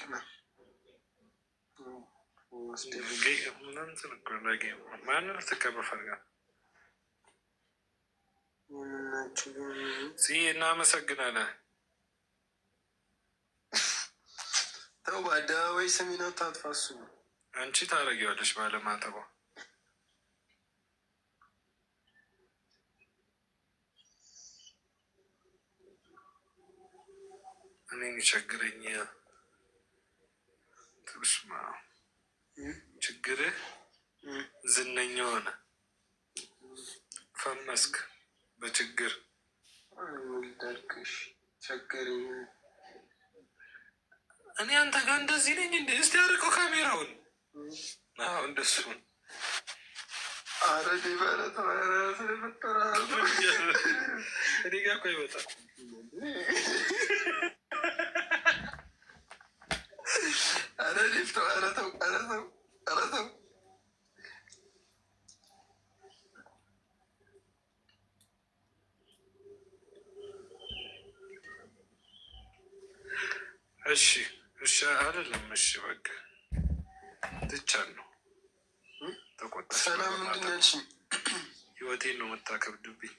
ያውቅናል። እናመሰግናለን። ተው በአደባባይ ሰሚነው ታጥፋሱ አንቺ ታረጊዋለሽ ባለማጠቧ እኔ ቸግረኛ ስማ ችግርህ ዝነኛ ሆነ ፈመስክ በችግር እኔ አንተ ጋር እንደዚህ ነኝ እንዴ? እስቲ አርቀው ካሜራውን። አዎ እንደሱ እኔ ጋር እኮ ይመጣል እሺ እሺ፣ አይደለም እሺ፣ በቃ ነው ተቆጣ ሰላም፣ ምንድን ነው ያልሽኝ? ህይወቴን ነው የምታከብድብኝ።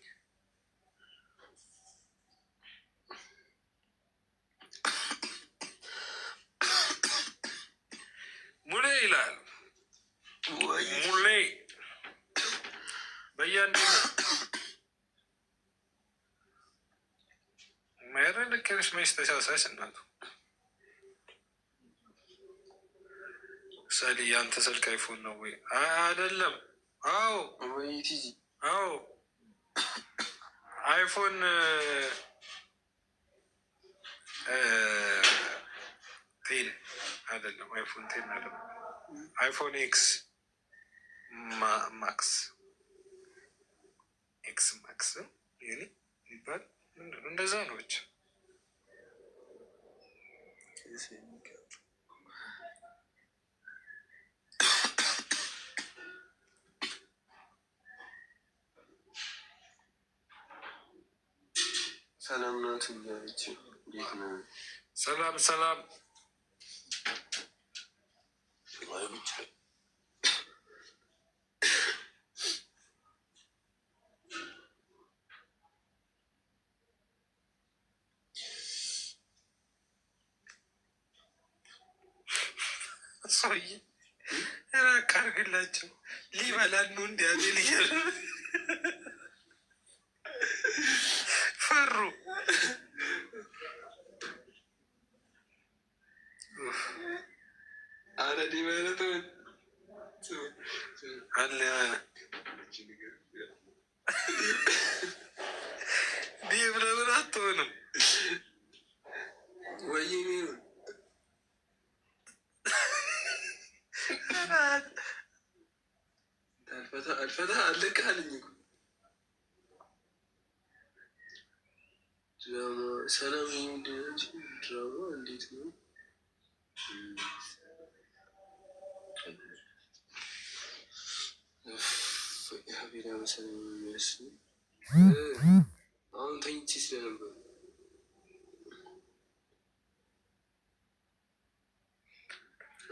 ሙሌ ይላል ሙሌ በያንድ ሜረ ልክ ነሽ። መች ተሳሳሽ እናቱ ለምሳሌ የአንተ ስልክ አይፎን ነው ወይ? አይደለም። አዎ፣ አዎ፣ አይፎን ቴን አይደለም፣ አይፎን ቴን አይደለም፣ አይፎን ኤክስ ማክስ ኤክስ ማክስ ይባል እንደዛ ነው ብቻ ሰላም ናት እያለች ሰላም ሰላም። ሰውዬ እራቅ አድርግላቸው ሊበላን ነው እንዲያለ ዲብ ለምን አትሆንም? ወይኔ አልፈታ አለቀ አለኝ። ሰላም እንዴት ነው? ሀቤላ መሰለኝ የሚመስል አሁን ተኝቼ ስለነበር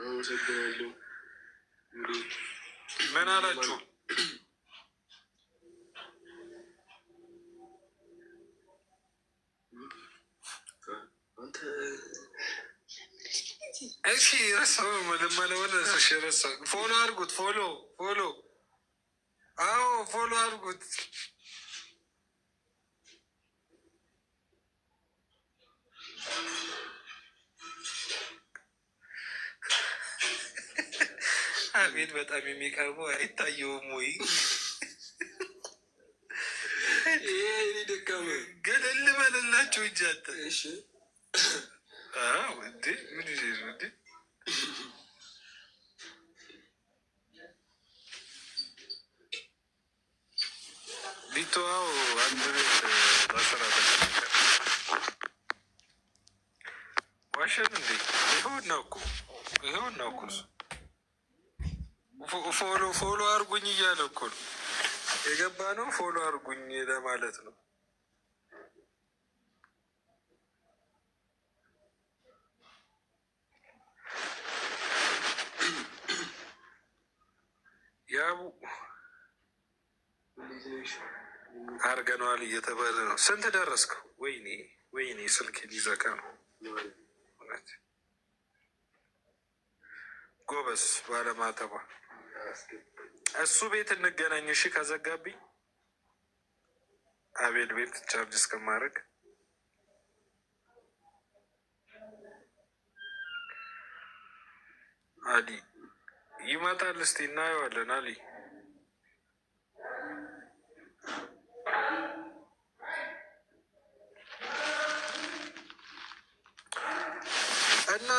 አመሰግናለሁ። ምን አላችሁ? እሺ ረሳሁ። ለማለወለ ረሳሁ። ፎሎ አድርጉት። ፎሎ ፎሎ አዎ ፎሎ አድርጉት። አቤት በጣም የሚቀርበው አይታየውም ወይ? ገለል በለላቸው እጃተ አልዋሸም እንዴ? ይሁን ነው እኮ ይሁን ነው እኮ ፎሎ ፎሎ አርጉኝ እያለ እኮ ነው የገባ ነው። ፎሎ አርጉኝ ለማለት ነው። ያቡ አርገነዋል እየተባለ ነው። ስንት ደረስከው? ወይኔ ወይኔ፣ ስልክ ሊዘጋ ነው። ጎበዝ ባለማተቧ እሱ ቤት እንገናኝ። እሺ ከዘጋብኝ አቤል ቤት ቻርጅ እስከማድረግ አሊ ይመጣል። እስቲ እናየዋለን። አሊ እና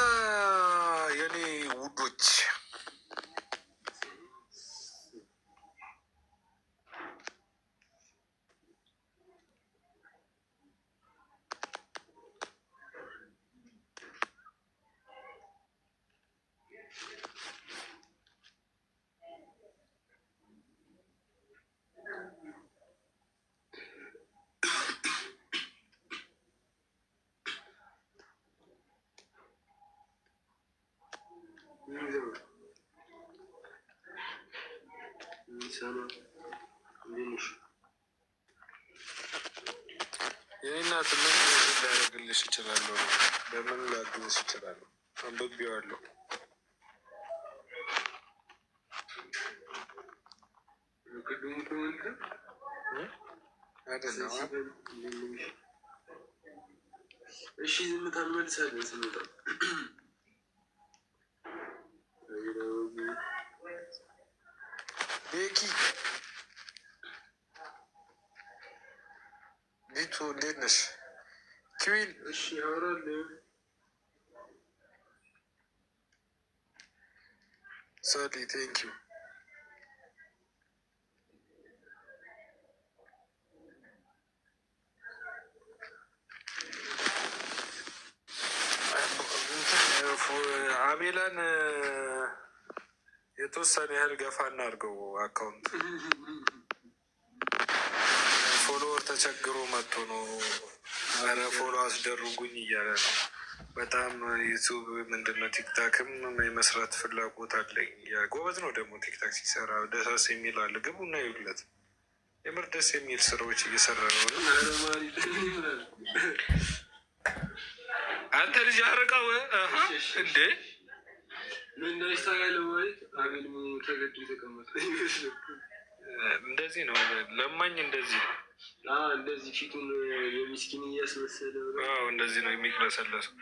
የኔ ውዶች የኔና ትምህርት ምን ላደርግልሽ እችላለሁ? በምን ላግዝሽ እችላለሁ? አንብቤዋለሁ። እሺ ዝምታ እንመልሳለን ስንመጣ ቤኪ ሊቱ እንዴት ነሽ? ኪዊን እሺ፣ አብራለሁ። ሳሊ ቴንክ ዩ አቤላን የተወሰነ ያህል ገፋ እናድርገው። አካውንት ፎሎወር ተቸግሮ መጥቶ ነው። ኧረ ፎሎ አስደርጉኝ እያለ ነው። በጣም ዩቱብ ምንድነው ቲክታክም የመስራት ፍላጎት አለኝ። ጎበዝ ነው ደግሞ ቲክታክ ሲሰራ ደሳስ የሚል አለ። ግቡ እና ይብለት የምር ደስ የሚል ስራዎች እየሰራ ነው። አንተ ልጅ አረቃው እንዴ እንደዚህ ነው ለማኝ፣ እንደዚህ ነው እንደዚህ ፊቱን የሚስኪን እያስመሰለ እንደዚህ ነው የሚቅለሰለሰው።